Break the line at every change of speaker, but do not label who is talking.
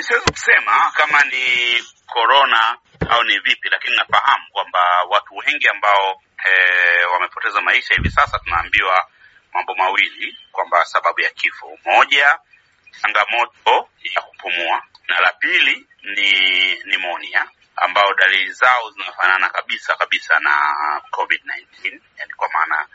Mimi siwezi kusema kama ni korona au ni vipi, lakini nafahamu kwamba watu wengi ambao e, wamepoteza maisha hivi sasa, tunaambiwa mambo mawili kwamba sababu ya kifo, moja changamoto ya kupumua na la pili ni nimonia ambao dalili zao zinafanana kabisa kabisa na COVID-19, yani kwa maana